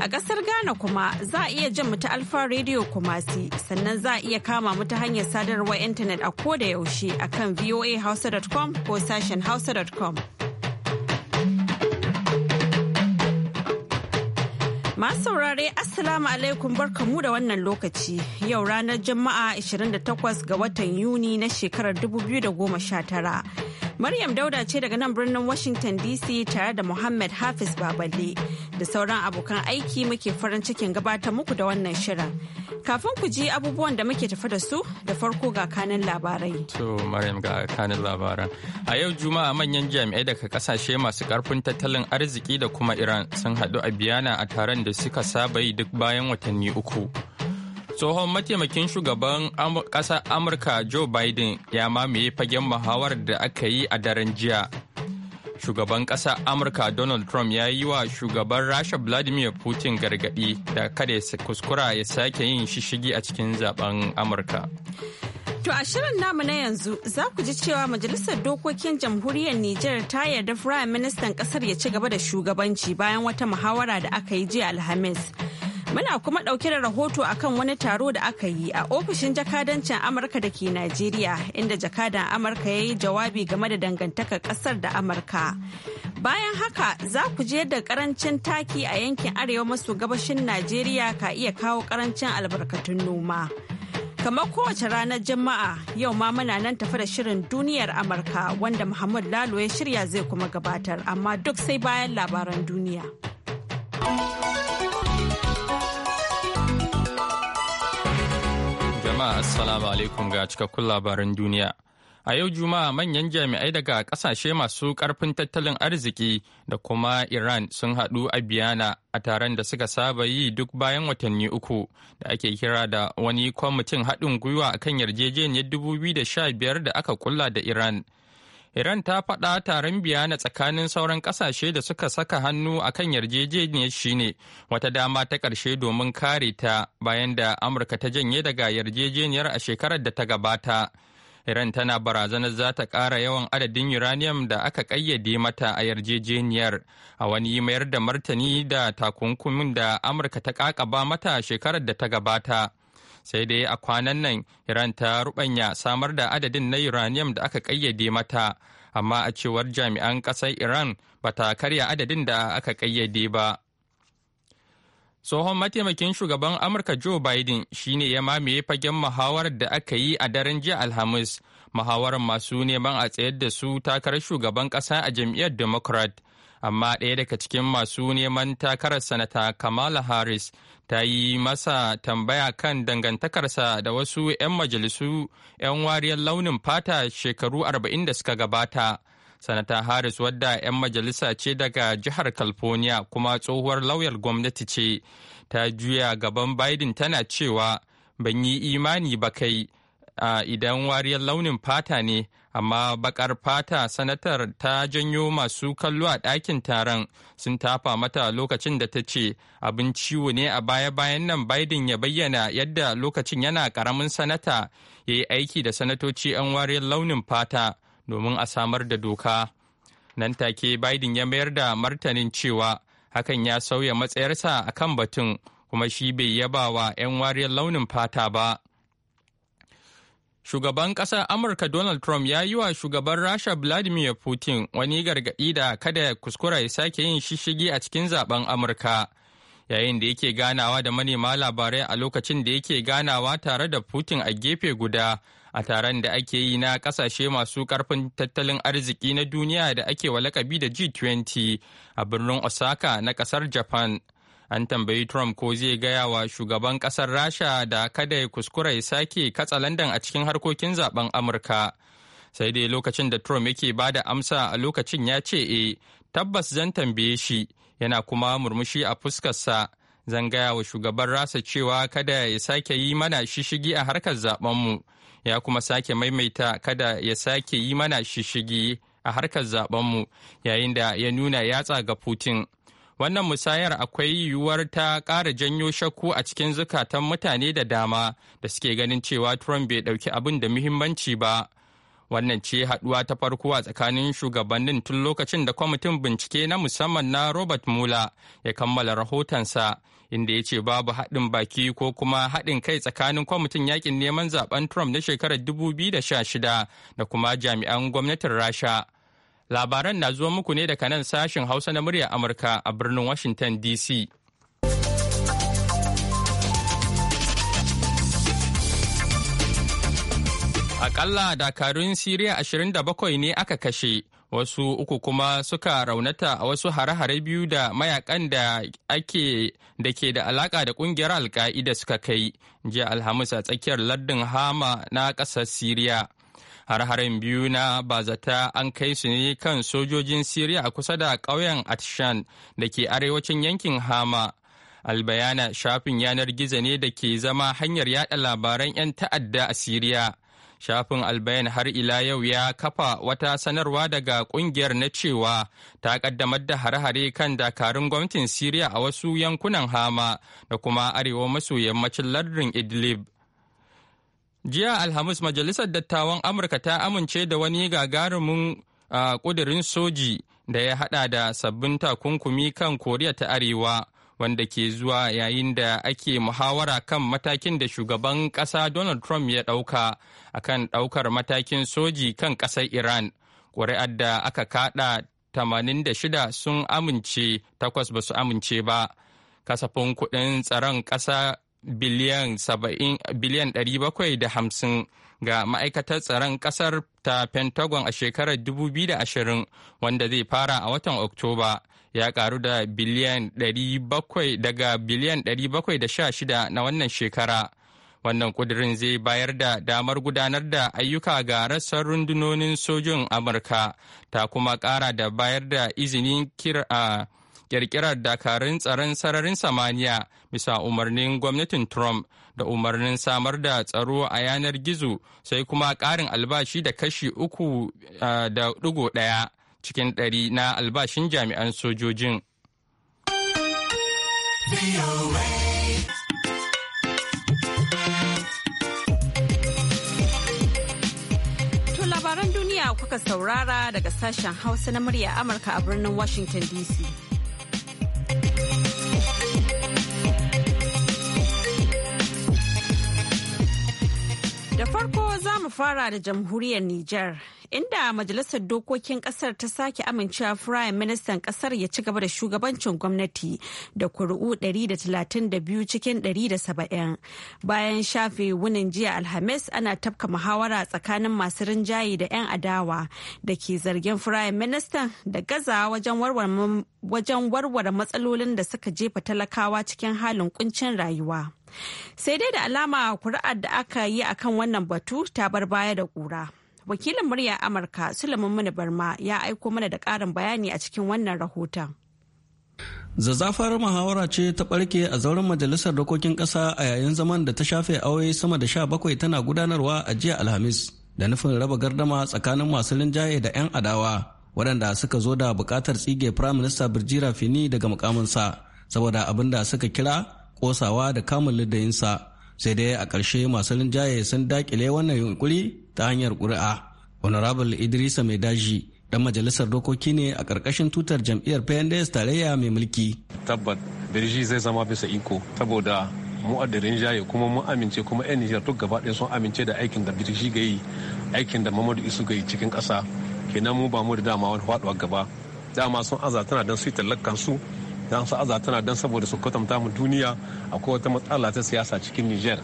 A ƙasar Ghana kuma za a iya jin mu ta Alfa Radio Kumasi sannan za a iya kama mu ta hanyar sadarwar intanet a ko da yaushe a kan voahausa.com ko sashen hausa.com. Masu saurare Assalamu alaikum barkamu da wannan lokaci yau ranar Juma'a 28 ga watan Yuni na shekarar 2019. Maryam Dauda ce daga nan birnin Washington DC tare da Muhammad Hafiz Baballe da sauran abokan aiki muke farin cikin gabatar muku da wannan shirin. Kafin ku ji abubuwan da muke tafi da su da farko ga kanin labarai. To Maryam ga kanin labaran. A yau Juma'a manyan jami'ai daga kasashe masu karfin tattalin arziki da kuma Iran sun haɗu a Biyana a taron da suka saba yi duk bayan watanni uku. tsohon mataimakin shugaban ƙasar amurka joe biden ya mamaye fagen muhawarar da aka yi a daren jiya shugaban ƙasar amurka donald trump ya yi wa shugaban rasha vladimir putin gargaɗi da kada ya kuskura ya sake yin shishigi a cikin zaben amurka To a shirin namu na yanzu za ku ji cewa Majalisar Dokokin Jamhuriyar Nijar ta yarda Firayim Ministan kasar ya ci gaba da shugabanci bayan wata muhawara da aka yi jiya Alhamis. Muna kuma ɗauke da rahoto akan wani taro da aka yi a ofishin jakadancin Amurka da ke Najeriya inda jakadan Amurka ya yi jawabi game da dangantakar ƙasar da Amurka. Bayan haka za ku je da ƙarancin taki a yankin arewa maso gabashin Najeriya ka iya kawo ƙarancin albarkatun noma. Kamar kowace ranar Juma'a yau ma muna nan tafi da shirin duniyar Amurka wanda Muhammad Lalo ya shirya zai kuma gabatar amma duk sai bayan labaran duniya. assalamu alaikum ga cikakkun labaran duniya. A yau Juma'a manyan jami'ai daga kasashe masu karfin tattalin arziki da kuma Iran sun haɗu a Biyana a taron da suka saba yi duk bayan watanni uku da ake kira da wani kwamitin haɗin gwiwa akan yarjejeniyar 2015 da aka kula da Iran. Iran ta faɗa taron biyana tsakanin sauran ƙasashe da suka saka hannu a kan yarjejeniyar shi ne wata dama ta ƙarshe domin kare ta bayan da Amurka ta janye daga yarjejeniyar a shekarar da ta gabata. Iran tana barazanar za ta ƙara yawan adadin uranium da aka ƙayyade mata a yarjejeniyar a wani mayar da martani da takunkumin da Amurka ta ƙaƙaba mata shekarar da ta gabata. sai dai a kwanan nan iran ta rubanya samar da adadin na uranium da aka kayyade mata amma a cewar jami'an kasar iran ba ta karya adadin da aka kayyade ba tsohon mataimakin shugaban amurka joe biden shine ya mamaye fagen muhawarar da aka yi a daren jiya alhamis muhawarar masu neman a tsayar da su takarar shugaban ƙasa a jam'iyyar democrat amma ɗaya daga cikin masu neman takarar sanata kamala harris ta yi masa tambaya kan dangantakarsa da wasu 'yan majalisu 'yan wariyar launin fata shekaru arba'in da suka gabata. Sanata Harris wadda 'yan majalisa ce daga jihar California kuma tsohuwar lauyar gwamnati ce, ta juya gaban Biden tana cewa, ban yi imani ba kai. idan wariyar launin fata ne amma bakar fata sanatar ta janyo masu kallo a ɗakin taron sun tafa mata lokacin da ta ce abin ciwo ne a baya-bayan nan biden ya bayyana yadda lokacin yana ƙaramin sanata ya yi aiki da sanatoci 'yan wariyar launin fata domin a samar da doka nan take biden ya mayar da martanin cewa hakan ya sauya matsayarsa akan batun kuma shi bai yaba wa 'yan wariyar launin fata ba. Shugaban ƙasar Amurka Donald Trump ya yi wa shugaban Rasha Vladimir Putin wani gargaɗi da kada ya kuskura ya sake yin shishigi a cikin zaben Amurka. Yayin da yake ganawa da manema labarai a lokacin da yake ganawa tare da Putin a gefe guda a taron da ake yi na ƙasashe masu ƙarfin tattalin arziki na duniya da ake walakabi da G20 a birnin Osaka na ƙasar Japan. an tambayi trump ko zai gaya wa shugaban kasar rasha da kada ya kuskura ya sake katsa london a cikin harkokin zaben amurka sai dai lokacin da trump yake ba da amsa a lokacin ya ce e tabbas zan tambaye shi yana kuma murmushi a fuskarsa zan gaya wa shugaban rasa cewa kada ya sake yi mana shishigi a harkar zabenmu ya kuma sake maimaita kada ya sake yi mana shishigi a harkar zabenmu yayin da ya nuna yatsa ga putin wannan musayar akwai yiwuwar ta ƙara janyo shakku a cikin zukatan mutane da dama da suke ganin cewa Trump bai ɗauki abin da muhimmanci ba. Wannan ce haɗuwa ta farko a tsakanin shugabannin tun lokacin da kwamitin bincike na musamman na Robert Mueller ya kammala rahotonsa, inda ya ce babu haɗin baki ko kuma haɗin kai tsakanin kwamitin yakin neman zaben Trump na shekarar 2016 da kuma jami'an gwamnatin Rasha. Labaran na zuwa muku ne daga nan sashen Hausa na murya Amurka a birnin Washington DC. Akalla dakarun Siriya 27 ne aka kashe, wasu uku kuma suka raunata a wasu hare-hare biyu da mayakan da ake da ke da alaka da kungiyar alka'ida suka kai jiya Alhamis a tsakiyar lardin Hama na ƙasar Siriya. Har-haren biyu na bazata an kai su ne kan sojojin Siriya a kusa da ƙauyen Atshan da ke arewacin yankin Hama. Albayana shafin yanar gizo ne da ke zama hanyar yada labaran 'yan ta'adda a Siriya. shafin albayan har ila yau ya kafa wata sanarwa daga kungiyar na cewa ta kaddamar da hare-hare kan dakarun gwamnatin siriya a wasu yankunan hama da kuma arewa maso yammacin lardin idlib Jiya Alhamis Majalisar Dattawan Amurka ta amince da wani gagarumin ƙudirin soji da ya haɗa da sabbin takunkumi kan Koriya ta Arewa wanda ke zuwa yayin da ake muhawara kan matakin da shugaban ƙasa Donald Trump ya ɗauka kan ɗaukar matakin soji kan ƙasar Iran. Ƙuri'ar da aka kaɗa 86 sun amince, takwas ba su amince ba. Kasafin kuɗin tsaron ƙasa biliyan 750 ga ma'aikatar tsaron kasar ta pentagon a shekarar 2020 wanda zai fara a watan oktoba ya karu da biliyan 700 daga biliyan 716 na wannan shekara wannan kudirin zai bayar da damar gudanar da ayyuka ga rassan rundunonin sojin amurka ta kuma kara da bayar da izinin kirkirar dakarun tsaron sararin samaniya bisa umarnin gwamnatin Trump da umarnin samar da tsaro a yanar gizo sai kuma ƙarin albashi da kashi uku da ɗigo ɗaya cikin ɗari na albashin jami'an sojojin. labaran duniya kuka saurara daga sashen hausa na murya amurka a birnin washington dc Da farko za mu fara da jamhuriyar Nijar, inda Majalisar Dokokin Kasar ta sake amincewa Firayim Ministan Kasar ya ci gaba da shugabancin gwamnati da kuri'u 132 cikin 170. Bayan shafe wunin jiya Alhamis ana tafka muhawara tsakanin masu rinjaye da 'yan adawa da ke zargin Firayim Ministan da gaza wajen warware matsalolin da suka jefa talakawa cikin halin kuncin rayuwa. sai dai da alama kuri'ar da aka yi akan wannan batu ta bar baya da kura wakilin murya amurka sulaiman mini barma ya aiko mana da ƙarin bayani a cikin wannan rahoton zazzafar muhawara ce ta barke a zauren majalisar dokokin kasa a yayin zaman da ta shafe aure sama da sha bakwai tana gudanarwa a jiya alhamis da nufin raba gardama tsakanin masu linjaye da 'yan adawa waɗanda suka zo da buƙatar tsige firaminista birjira fini daga mukaminsa saboda abin da suka kira kosawa da kamun lidayinsa sai dai a ƙarshe masu linjaye sun dakile wannan yunkuri ta hanyar ƙuri'a honorable idrisa mai daji dan majalisar dokoki ne a ƙarƙashin tutar jam'iyyar pnds tarayya mai mulki tabbat birji zai zama bisa iko saboda mu a da rinjaye kuma mun amince kuma 'yan nijar duk gaba ɗaya sun amince da aikin da birji ga yi aikin da mamadu isu ga yi cikin ƙasa kenan mu ba mu da dama wani faɗuwa gaba dama sun aza tana don su yi tallakan su dan su aza tana dan saboda su kwatanta mu duniya akwai wata matsala ta siyasa cikin niger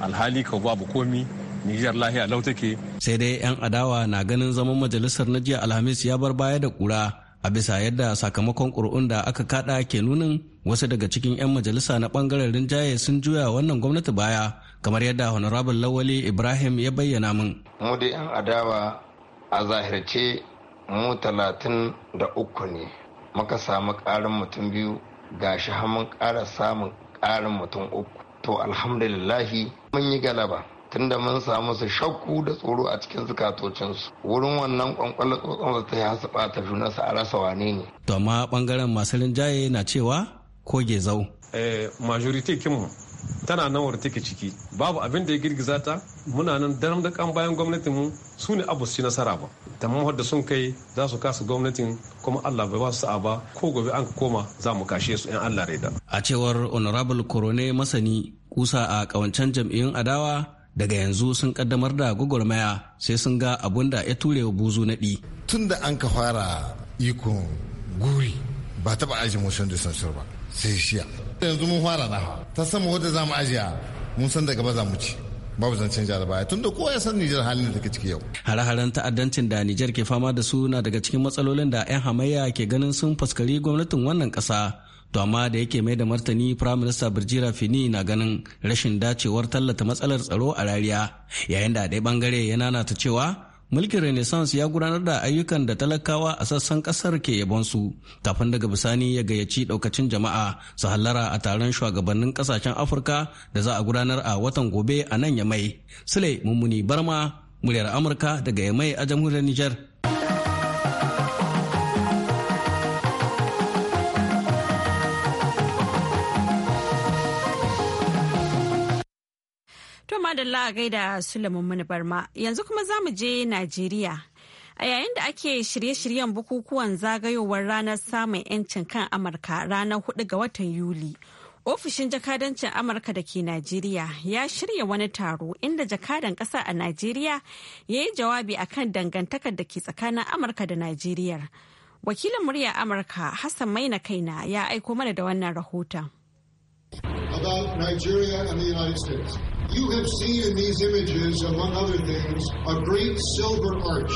alhali ka babu komi niger lahiya lau take sai dai yan adawa na ganin zaman majalisar na jiya alhamis ya bar baya da kura a bisa yadda sakamakon ƙuri'un da aka kada ke nunin wasu daga cikin 'yan majalisa na ɓangaren rinjaye sun juya wannan gwamnati baya kamar yadda honorable lawali ibrahim ya bayyana min mu da 'yan adawa a zahirce mu talatin da uku ne muka samu ƙarin mutum biyu gashi har mun ƙara samun ƙarin mutum uku to alhamdulillahi mun yi galaba tunda mun samu su shakku da tsoro a cikin zukatocinsu wurin wannan kwankwalar tsotson ta ya hasu bata juna su a rasa wane ne to amma bangaren masu rinjaye na cewa ko gezau eh majority kinmu tana nan wata take ciki babu abin da ya girgiza ta muna nan daram da kan bayan gwamnatin mu su ne abu su nasara ba tamam da sun kai za su kasa gwamnatin kuma Allah bai ba su sa'a ba ko gobe an koma za mu kashe su in Allah da. a cewar honorable korone masani kusa a kawancan jam'iyyun adawa daga yanzu sun kaddamar da gwagwarmaya sai sun ga abun da ya ture wa buzu naɗi. tun da an ka fara ikon guri ba taba ajin motion da ba sai shiya yanzu mun fara na ta sama wadda za mu ajiya mun san daga ba za mu ci babu zancen jihar baya tun da kowa ya san Nijar halin da take ciki yau. Hare-haren ta'addancin da Nijar ke fama da su na daga cikin matsalolin da 'yan hamayya ke ganin sun faskari gwamnatin wannan ƙasa. To amma da yake mai da martani Prime Minister Birjira Fini na ganin rashin dacewar tallata matsalar tsaro a rariya yayin da a ɗaya ɓangare ya nanata cewa mulkin renaissance ya gudanar da ayyukan da talakawa a sassan kasar ke yabonsu kafin daga bisani ya gayyaci daukacin jama'a su hallara a taron shugabannin kasashen afirka da za a gudanar a watan gobe a nan yamai sule mummuni barma muryar amurka daga yamai a jamhuriyar nijar. madalla a gaida Sulaiman Barma. Yanzu kuma za mu je Najeriya. A yayin da ake shirye-shiryen bukukuwan zagayowar ranar samun 'yancin kan Amurka ranar 4 ga watan Yuli. Ofishin jakadancin Amurka da ke Najeriya ya shirya wani taro inda jakadan ƙasa a Najeriya ya yi jawabi a kan dangantakar da ke tsakanin Amurka da Najeriya. Wakilin murya Amurka Hassan Maina Kaina ya aiko mana da wannan rahoton. You have seen in these images, among other things, a great silver arch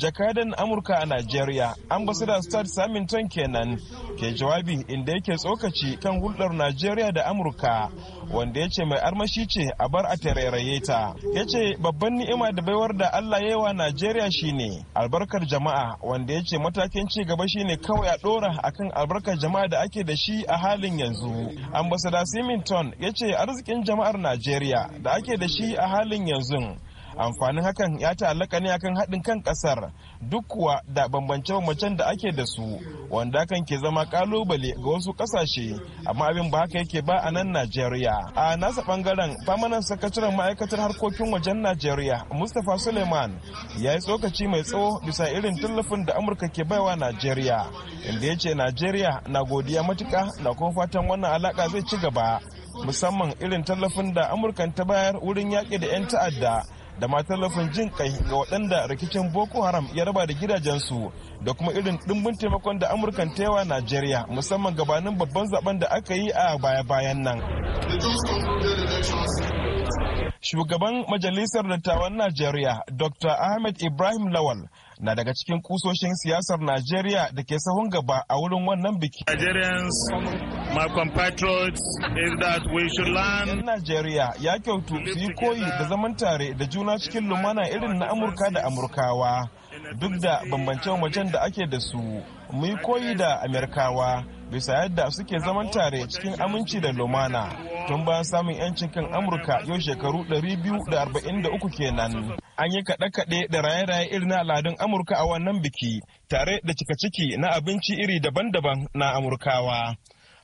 jakadan amurka a najeriya ambassador start samington kenan ke jawabi inda yake tsokaci kan hulɗar najeriya da amurka wanda ya ce mai armashi ce a bar a tarairaye ta ya ce babban ni'ima da baiwar da allah yawa najeriya shine albarkar jama'a wanda ya ce matakin ci gaba shine kawai a ɗora akan albarkar jama'a da ake da shi a halin yanzu ambassador simington ya ce arzikin jama'ar najeriya da ake da shi a halin yanzu amfanin hakan ya ta'allaka ne akan haɗin kan ƙasar duk kuwa da bambance-bambancen da ake da su wanda kan ke zama kalubale ga wasu ƙasashe amma abin ba haka yake ba a nan najeriya a nasa bangaren famanan sakataren ma'aikatar harkokin wajen najeriya mustapha suleiman ya yi tsokaci mai tsawo bisa irin tallafin da amurka ke baiwa najeriya inda ya ce najeriya na godiya matuka na kuma fatan wannan alaka zai ci gaba musamman irin tallafin da amurkan ta bayar wurin yaƙi da 'yan ta'adda da matar laifin jin kai ga waɗanda rikicin boko haram ya raba da gidajensu da kuma irin ɗimbin taimakon da amurkan taiwa najeriya musamman gabanin babban zaben da aka yi a baya-bayan nan shugaban majalisar dattawan najeriya dr ahmed ibrahim lawal na daga cikin kusoshin siyasar najeriya da ke sahun gaba a wurin wannan biki My compatriots is that we should learn. Yan nigeria ya kyautu su yi koyi da zaman tare da juna cikin lumana irin na Amurka da Amurkawa duk da bambance wajen da ake da su. Mu yi koyi da Amerikawa bisa yadda suke zaman tare cikin aminci da lumana tun bayan samun 'yancin kan Amurka yau shekaru 243 kenan. An yi kaɗe-kaɗe da raye-raye irin na al'adun Amurka a wannan biki tare da cika ciki na abinci iri daban-daban na Amurkawa.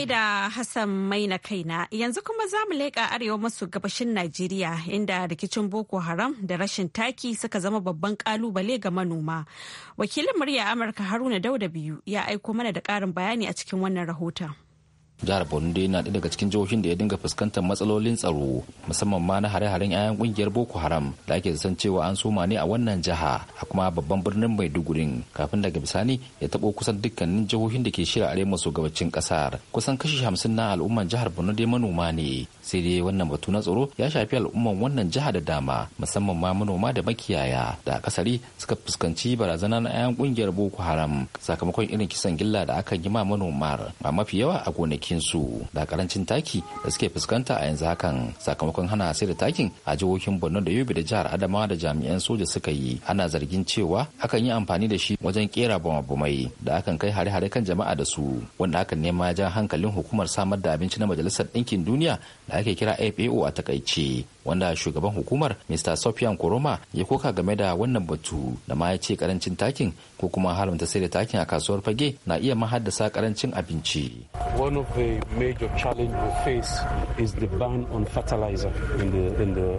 Sai da Hassan mai Maina kaina yanzu kuma za mu leƙa arewa masu gabashin Najeriya inda rikicin Boko Haram da rashin taki suka zama babban kalubale ga manoma. Wakilin murya Amurka Haruna Dauda biyu ya aiko mana da ƙarin bayani a cikin wannan rahoton. jihar borno dai na ɗaya daga cikin jihohin da ya dinga fuskantar matsalolin tsaro musamman ma na hare-haren 'ya'yan ƙungiyar boko haram da ake san cewa an soma ne a wannan jiha a kuma babban birnin maidugurin kafin daga bisani ya taɓo kusan dukkanin jihohin da ke shirya arewa maso gabacin ƙasar kusan kashi hamsin na al'umman jihar borno dai manoma ne sai dai wannan batu na tsaro ya shafi al'umman wannan jiha da dama musamman ma manoma da makiyaya da akasari suka fuskanci barazana na 'yan kungiyar boko haram sakamakon irin kisan gilla da aka gima ma manomar a mafi yawa a gonakinsu da karancin taki da suke fuskanta a yanzu hakan sakamakon hana sai da takin a jihohin borno da yobe da jihar adamawa da jami'an soja suka yi ana zargin cewa akan yi amfani da shi wajen kera bama-bamai da akan kai hare-hare kan jama'a da su wanda hakan nema ya ja hankalin hukumar samar da abinci na majalisar ɗinkin duniya da ake kira FAO a takaice wanda shugaban hukumar Mr. Sofian Koroma ya koka game da wannan batu da ma ya ce karancin takin ko kuma haramta sai da takin a kasuwar fage na iya mahaddasa karancin abinci. One of the major challenge we face is the ban on fertilizer in the in the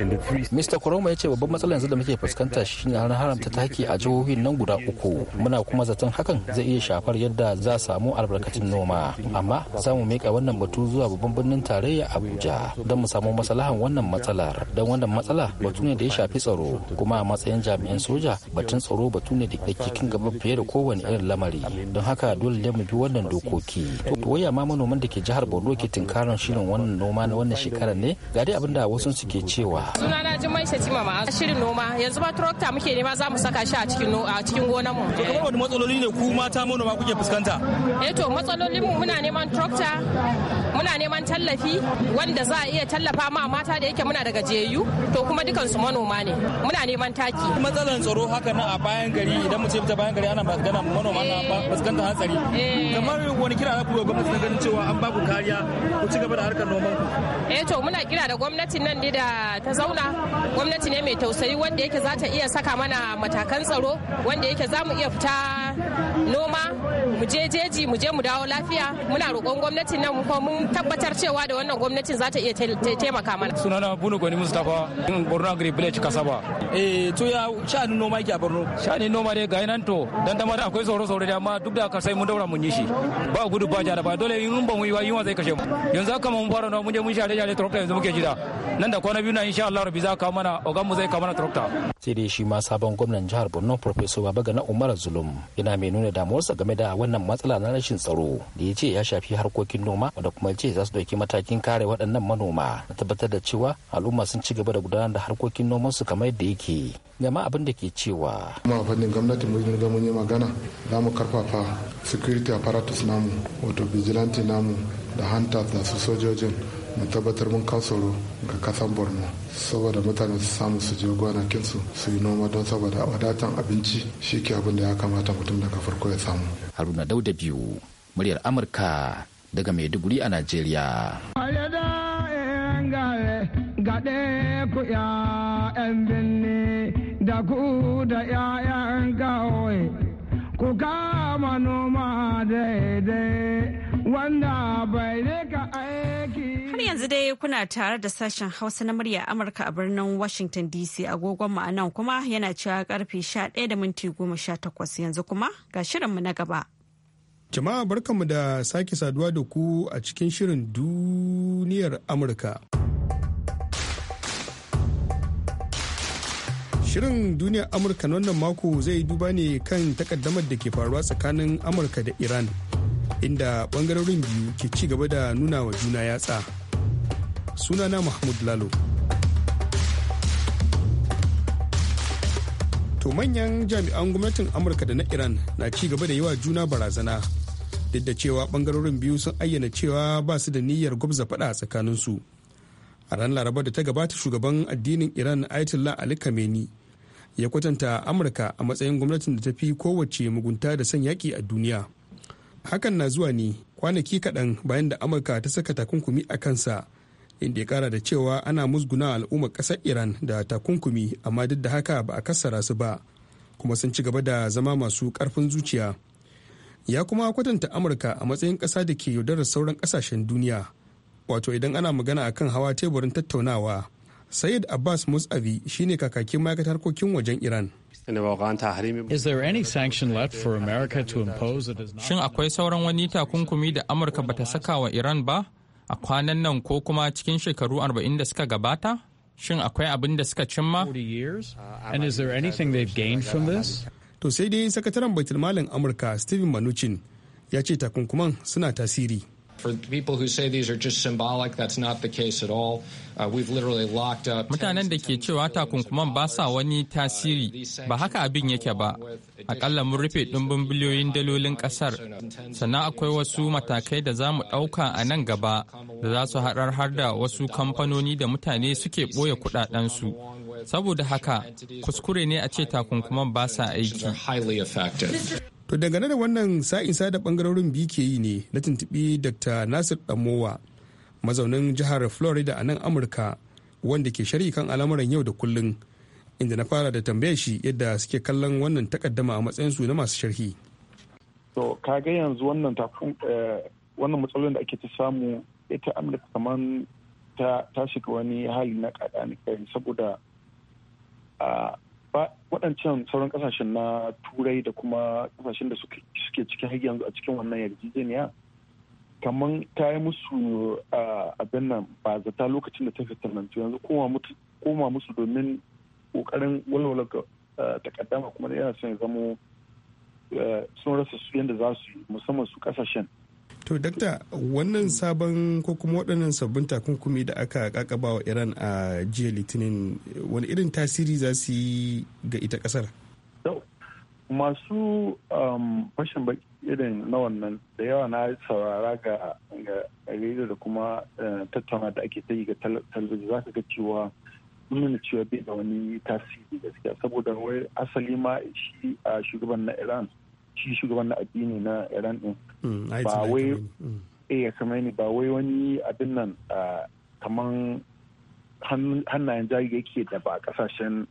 in the three Mr. Koroma ya ce babban matsalar yanzu da muke fuskanta shine an haramta taki a jihohin nan guda uku muna kuma zaton hakan zai iya shafar yadda za a samu albarkatin noma amma za mu mika wannan batu zuwa babban birnin tarayya abuja don mu samu masalahan wannan matsalar don wannan matsala batu ne da ya shafi tsaro kuma a matsayin jami'an soja batun tsaro batu ne da ke cikin gaba fiye da kowane irin lamari don haka dole ne mu bi wannan dokoki to waya ma manoman da ke jihar borno ke tinkarin shirin wannan noma na wannan shekarar ne ga dai abinda wasu suke cewa sunana jimai shati ma shirin noma yanzu ba tractor muke nema za mu saka shi a cikin a cikin gonar mu to kuma wani matsaloli ne ku mata manoma kuke fuskanta eh to matsalolin mu muna neman tractor muna neman tallafi wanda za a iya tallafa ma mata da yake muna da jeyu to kuma su manoma ne muna neman taki matsalan tsaro haka na a bayan gari idan mu ce ta bayan gari ana magana manoma na fuskantar hatsari eh. kamar wani kira za ku ga gwamnati ganin cewa an ba ku kariya ku ci gaba da harkar noman eh to muna kira da gwamnatin nan ne da ta zauna gwamnati ne mai tausayi wanda yake za ta iya saka mana matakan tsaro wanda yake za mu iya fita noma mu je jeji mu je mu dawo lafiya muna roƙon gwamnatin nan ko mun tabbatar cewa da wannan gwamnatin za ta iya taimaka mana. Sunana Bunu Gwani Mustapha in Borno Agri Village Kasaba. Eh to ya sha'anin noma yake a Borno. Sha'anin noma dai ga nan to dan da akwai tsoro tsoro da amma duk da sai mun daura mun yi shi. Ba gudu ba jara ba dole in ba mu yi wa yunwa zai kashe mu. Yanzu haka mun fara noma mun je mun share share tractor yanzu muke jira. Nan da kwana biyu na insha Allah Rabbi za ka mana ogan mu zai ka mana tractor. Sai dai shi ma sabon gwamnan jihar Borno Professor Babagana Umar Zulum yana mai nuna damuwarsa game da wannan matsala na rashin tsaro da ya ce ya shafi harkokin noma da kuma ya ce za su ɗauki matakin kare waɗannan manoma na tabbatar da cewa al'umma sun ci gaba da gudanar da harkokin nomansu kamar yadda yake gama abin da ke cewa. kuma fannin gwamnati mun riga mun yi magana za mu karfafa security apparatus namu wato vigilante namu da hunters da su sojojin mu tabbatar mun kan tsoro ga kasan borno saboda mutane su samu su je su su yi noma don saboda wadatan abinci shi ke abin da ya kamata mutum daga farko ya samu haruna dauda biyu muryar amurka daga Maiduguri a Najeriya. Eh, ‘ya'yan binni da ku da ‘ya'yan ku kama noma Har yanzu dai kuna tare da sashen Hausa na murya Amurka a birnin Washington DC agogon ma'anan kuma yana cewa karfe 11 da minti 18 yanzu kuma ga shirinmu na gaba. Jama'a barkanmu da sake saduwa da ku a cikin shirin duniyar Amurka. Shirin duniyar Amurka na wannan mako zai duba ne kan takaddamar da ke faruwa tsakanin Amurka da Iran, inda bangarorin biyu ke ci gaba da nuna wa juna yatsa. Sunana Mahmud Lalo. To manyan jami'an gwamnatin Amurka da na Iran na ci gaba da yi wa juna barazana duk da cewa bangarorin biyu sun ayyana cewa ba su da niyyar gwabza faɗa tsakaninsu a ran laraba da ta gabata shugaban addinin iran ayatollah ali kameni ya kwatanta amurka a matsayin gwamnatin da ta fi kowace mugunta da son yaƙi a duniya hakan na zuwa ne kwanaki kaɗan bayan da amurka ta saka takunkumi a kansa inda ya kara da cewa ana musguna al'ummar ƙasar iran da takunkumi amma duk da haka ba a kassara su ba kuma sun ci gaba da zama masu ƙarfin zuciya ya kuma kwatanta amurka a matsayin ƙasa da ke yaudarar sauran ƙasashen duniya wato idan ana magana akan hawa teburin tattaunawa sayid abbas musavi shine kakakin ma'aikatar harkokin wajen iran shin akwai sauran wani takunkumi da amurka bata saka wa iran ba a kwanan nan ko kuma cikin shekaru arba'in da suka gabata shin akwai abin da suka cimma to sai dai sakataren baitulmalin amurka steven manuchin ya ce takunkuman suna tasiri Uh, Mutanen da ke cewa takunkuman ba sa wani uh, tasiri ba haka abin yake ba. Akalla mun rufe ɗumbin biliyoyin dalolin ƙasar. Sannan akwai wasu matakai da za mu uh, ɗauka a nan gaba da za su haɗar har da wasu kamfanoni da mutane suke ɓoye kuɗaɗensu. Saboda haka, kuskure ne a ce takunkuman ba sa aiki. To dangane da wannan sa'insa da bangarorin biyu ke yi ne na tuntuɓi Dr. Nasir Damowa mazaunin jihar Florida a nan Amurka wanda ke sharhi kan al'amuran yau da kullun inda na fara da tambayar shi yadda suke kallon wannan takaddama a matsayinsu na masu sharhi. To kaga yanzu wannan tafin eh, wannan matsalolin da ake ta samu ita Amurka kamar ta shiga wani hali na kada saboda ah, waɗancan sauran kasashen na turai da kuma kasashen da suke cikin har yanzu a cikin wannan yarjejeniya kamar ta yi musu abin nan ba zata lokacin da ta fitanantu yanzu koma musu domin ƙoƙarin walwala takaddama kuma yana son ya zamo sun rasa su yadda za su yi musamman su kasashen To dakta wannan sabon ko kuma waɗannan sabbin takunkumi da aka kakaba wa Iran a jiya litinin wani irin tasiri za su yi ga ita ƙasar? Masu um, fashin baki irin na wannan da yawa na saurara ga rediyo da kuma eh, tattauna da ake ta yi ga talabijin za ka ga cewa nuna cewa bai da wani tasiri gaskiya saboda wai asali ma shi a shugaban na Iran shi shugaban na addini na iran din mm, ba wai mm. eh ne ba wai wani abin nan kaman hannayen jari yake da ba kasashen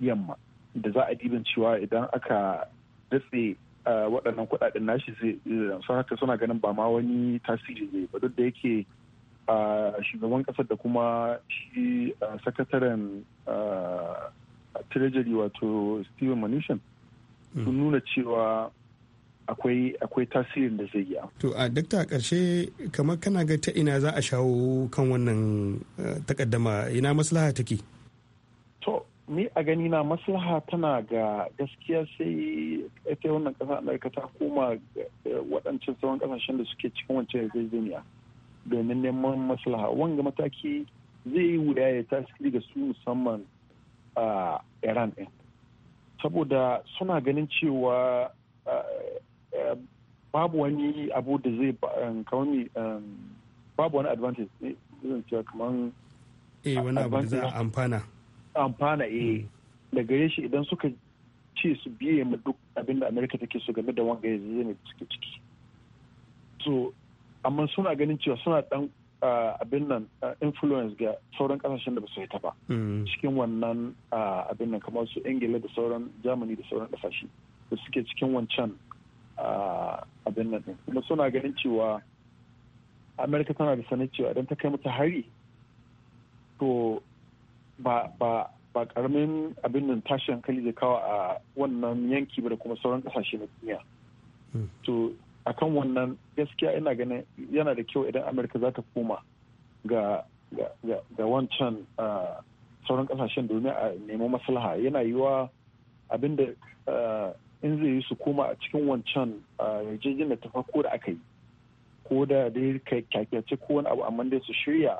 yamma da za a dibin cewa idan aka datse waɗannan kuɗaɗen nashi zai haka suna ganin ba ma wani tasiri zai ba duk da yake shugaban ƙasar da kuma shi sakataren treasury wato steven mnuchin Mm. sun nuna cewa akwai tasirin da zai yi to a dakta a ƙarshe kamar kana ga ta ina za a shawo kan wannan eh, takaddama ina maslaha take to ni a gani na maslaha tana ga gaskiya sai ita wannan ƙasa amurka ta koma eh, waɗancan sauran ƙasashen da suke cikin wancan yarjejeniya domin neman maslaha wanga mataki zai yi wuya ya tasiri ga su musamman a ah, iran ɗin saboda suna ganin cewa eh, eh, babu wani abu da zai eh, kawai babu wani advantage zan cewa kamar eh wani abu da za a amfana amfana eh hmm. gare shi idan suka ce su biye mu duk abin da amerika take so game da wanga yanzu ne suke ciki so amma suna ganin cewa suna dan Uh, abin nan uh, influence ga sauran kasashen da ba su yi ta ba mm. cikin wannan uh, abin nan kamar su ingila da sauran germany da sauran kasashe da suke cikin wancan abin nan kuma suna ganin cewa amerika tana da sanar cewa idan ta kai mata hari to ba ba karamin abin nan tashi hankali zai kawo a wannan yanki ba da kuma sauran kasashe na duniya mm. to akan wannan gaskiya ina ganin yana da kyau idan amurka za ta koma ga wancan ah, sauran kasashen domin a nemi maslaha yana yiwa abinda ah, in zai yi su koma a cikin wancan da ah, ta farko da aka yi ko da dai kyakkyace ko wani abu amma dai su shirya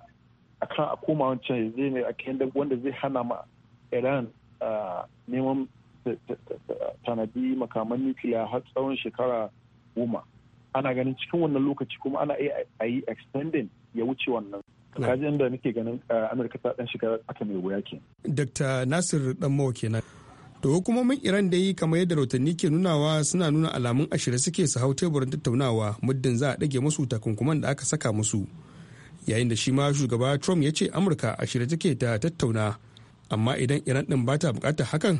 a kan a koma wancan yarjejeniyar a yi wanda zai hana ma iran neman tanadi makaman nukiliya har tsawon shekara goma ana ganin cikin wannan lokaci kuma ana iya a yi extending ya wuce wannan kaji yadda nake ganin eh, amurka ta dan shiga aka mai wuya ke dr nasir dan mawa kenan to hukumomin iran da dai kamar yadda rahotanni ke nunawa suna nuna alamun ashirin suke su hau teburin tattaunawa muddin za a dage musu takunkuman da aka saka musu yayin da shi ma shugaba trump ya ce amurka ashirin take ta tattauna amma idan iran din ba ta bukatar hakan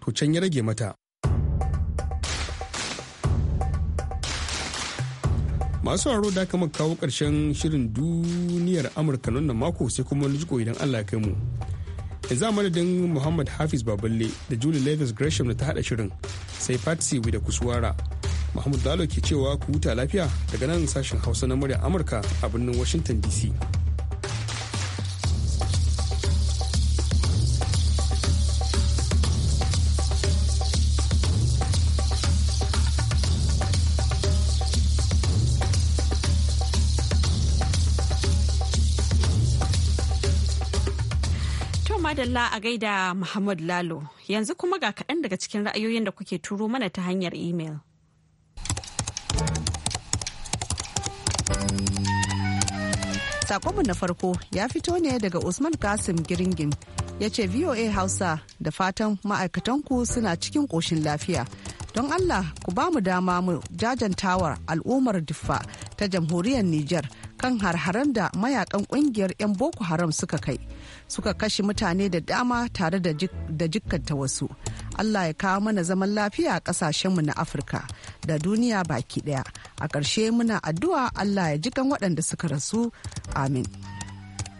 to can ya rage mata masu sauraro da kama kawo ƙarshen shirin duniyar amurka nan mako sai kuma wani jiko idan allah kai mu yanzu a madadin muhammad hafiz baballe da julie levis gresham da ta hada shirin sai patsy da kusuwara mahmud lalo ke cewa ku huta lafiya daga nan sashen hausa na murya amurka a birnin washington dc madalla a gaida Muhammad Lalo. Yanzu kuma ga kaɗan daga cikin ra'ayoyin da kuke turo mana ta hanyar imel. Sakonmu na farko ya fito ne daga Usman Kasim Giringin. ya ce VOA Hausa da fatan ma'aikatanku suna cikin ƙoshin lafiya. Don Allah ku ba mu dama mu jajantawar al'ummar diffa ta jamhuriyar Nijar kan harharen da mayakan ƙungiyar 'yan Boko Haram suka kai. Suka kashe mutane da dama tare da jikkanta wasu. Allah ya kawo mana zaman lafiya a ƙasashenmu na Afirka da duniya baki daya A ƙarshe muna addu'a Allah ya jikan waɗanda suka rasu. Amin.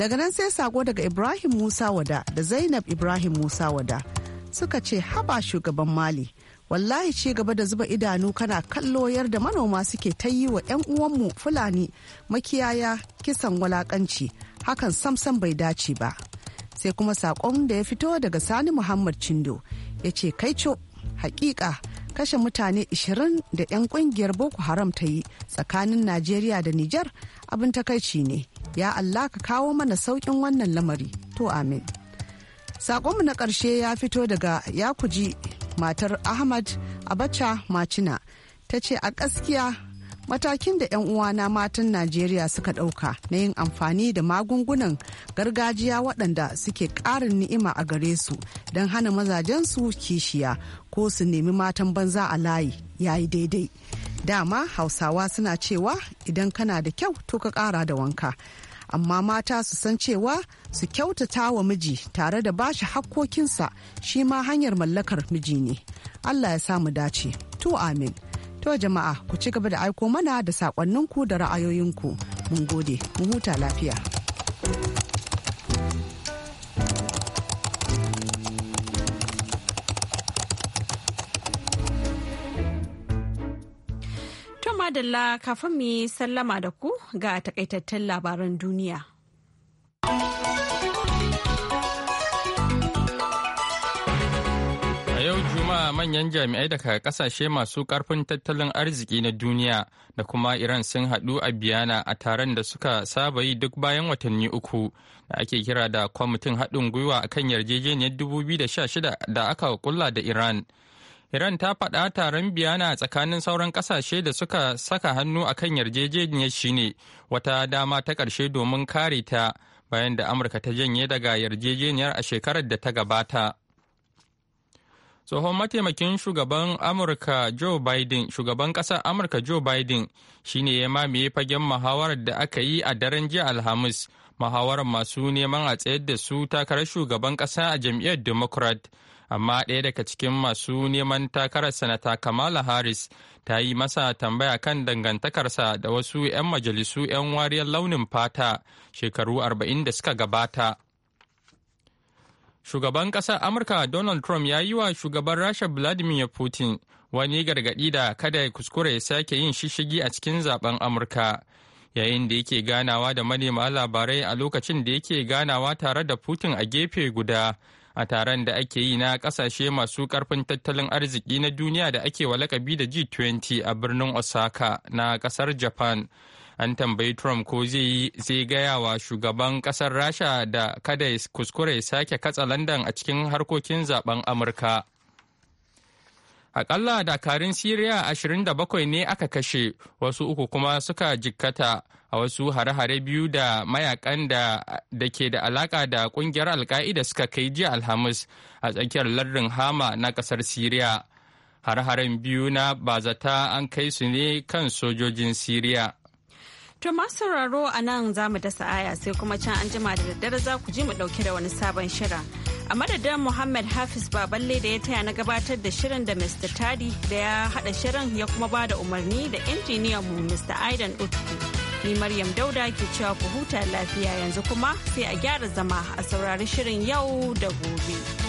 daga nan sai sako daga ibrahim musa wada da zainab ibrahim musa wada suka ce haba shugaban mali wallahi ci gaba da zuba idanu kana kallo yarda manoma suke ta yi wa 'yan uwanmu fulani makiyaya kisan walakanci hakan samsam bai dace ba sai kuma sakon da ya fito daga sani muhammad cindo ya ce co hakika kashe mutane 20 da 'yan kungiyar boko haram ta yi tsakanin najeriya da nijar abin takaici ne ya allah ka kawo mana saukin wannan lamari to amin saƙonmu na ƙarshe ya fito daga yakuji matar ahmad abacha macina ta ce a gaskiya matakin da 'yan uwana matan najeriya suka ɗauka na yin amfani da magungunan gargajiya waɗanda suke ƙarin ni'ima a gare su don hana mazajensu kishiya ko su nemi matan banza a layi ya yi daidai dama hausawa suna cewa idan kana da kyau to ka ƙara da wanka amma mata su san cewa su kyautata wa miji tare da bashi hakkokinsa shi ma hanyar mallakar miji ne allah ya samu dace to amin To jama'a ku ci gaba da aiko mana da sakonninku da ra'ayoyinku. Mun gode, mu huta lafiya. to madalla kafin mu yi sallama da ku ga takaitattun labaran duniya. manyan jami'ai daga kasashe masu karfin tattalin arziki na duniya da kuma Iran sun haɗu a Biyana a taron da suka saba yi duk bayan watanni uku da ake kira da kwamitin haɗin gwiwa a kan yarjejeniyar 2016 da aka kulla da Iran. Iran ta faɗa taron biyana tsakanin sauran kasashe da suka saka hannu a kan yarjejeniyar shine wata dama ta ƙarshe domin kare ta bayan da Amurka ta janye daga yarjejeniyar a shekarar da ta gabata. tsohon mataimakin shugaban amurka joe biden shugaban ƙasar amurka joe biden shine ya mamaye fagen muhawarar da aka yi a daren jiya alhamis muhawarar masu neman a tsayar da su takarar shugaban ƙasa a jam'iyyar democrat amma ɗaya daga cikin masu neman takarar sanata kamala harris ta yi masa tambaya kan dangantakarsa da wasu 'yan majalisu 'yan wariyar launin fata shekaru 40 da suka gabata Shugaban ƙasar Amurka Donald Trump ya yi wa shugaban Rasha Vladimir Putin wani gargaɗi da kada ya kuskure ya sake yin shishigi a cikin zaben Amurka. Yayin da yake ganawa da manema labarai a lokacin da yake ganawa tare da Putin a gefe guda a taron da ake yi na ƙasashe masu ƙarfin tattalin arziki na duniya da ake walakabi da G20 a birnin Osaka na ƙasar Japan. an tambayi trump ko zai yi zai gaya wa shugaban kasar rasha da kada ya kuskure sake katsa landan a cikin harkokin zaben amurka akalla dakarun siriya 27 ne aka kashe wasu uku kuma suka jikkata a wasu hare-hare biyu da mayakan da ke da alaka da kungiyar alka'ida suka kai jiya alhamis a tsakiyar lardin hama na kasar siriya hare-haren biyu na bazata an kai su ne kan sojojin siriya To masu sauraro a nan za mu dasa aya sai kuma can an jima da daddare za ku ji mu dauke da wani sabon shirin. A madadin Muhammad Hafiz Baballe da ya taya na gabatar da shirin da Mr. Tadi da ya haɗa shirin ya kuma ba da umarni da injiniyan mu Mr. Aidan Utku. Ni Maryam Dauda ke cewa ku huta lafiya yanzu kuma sai a gyara zama a saurari shirin yau da gobe.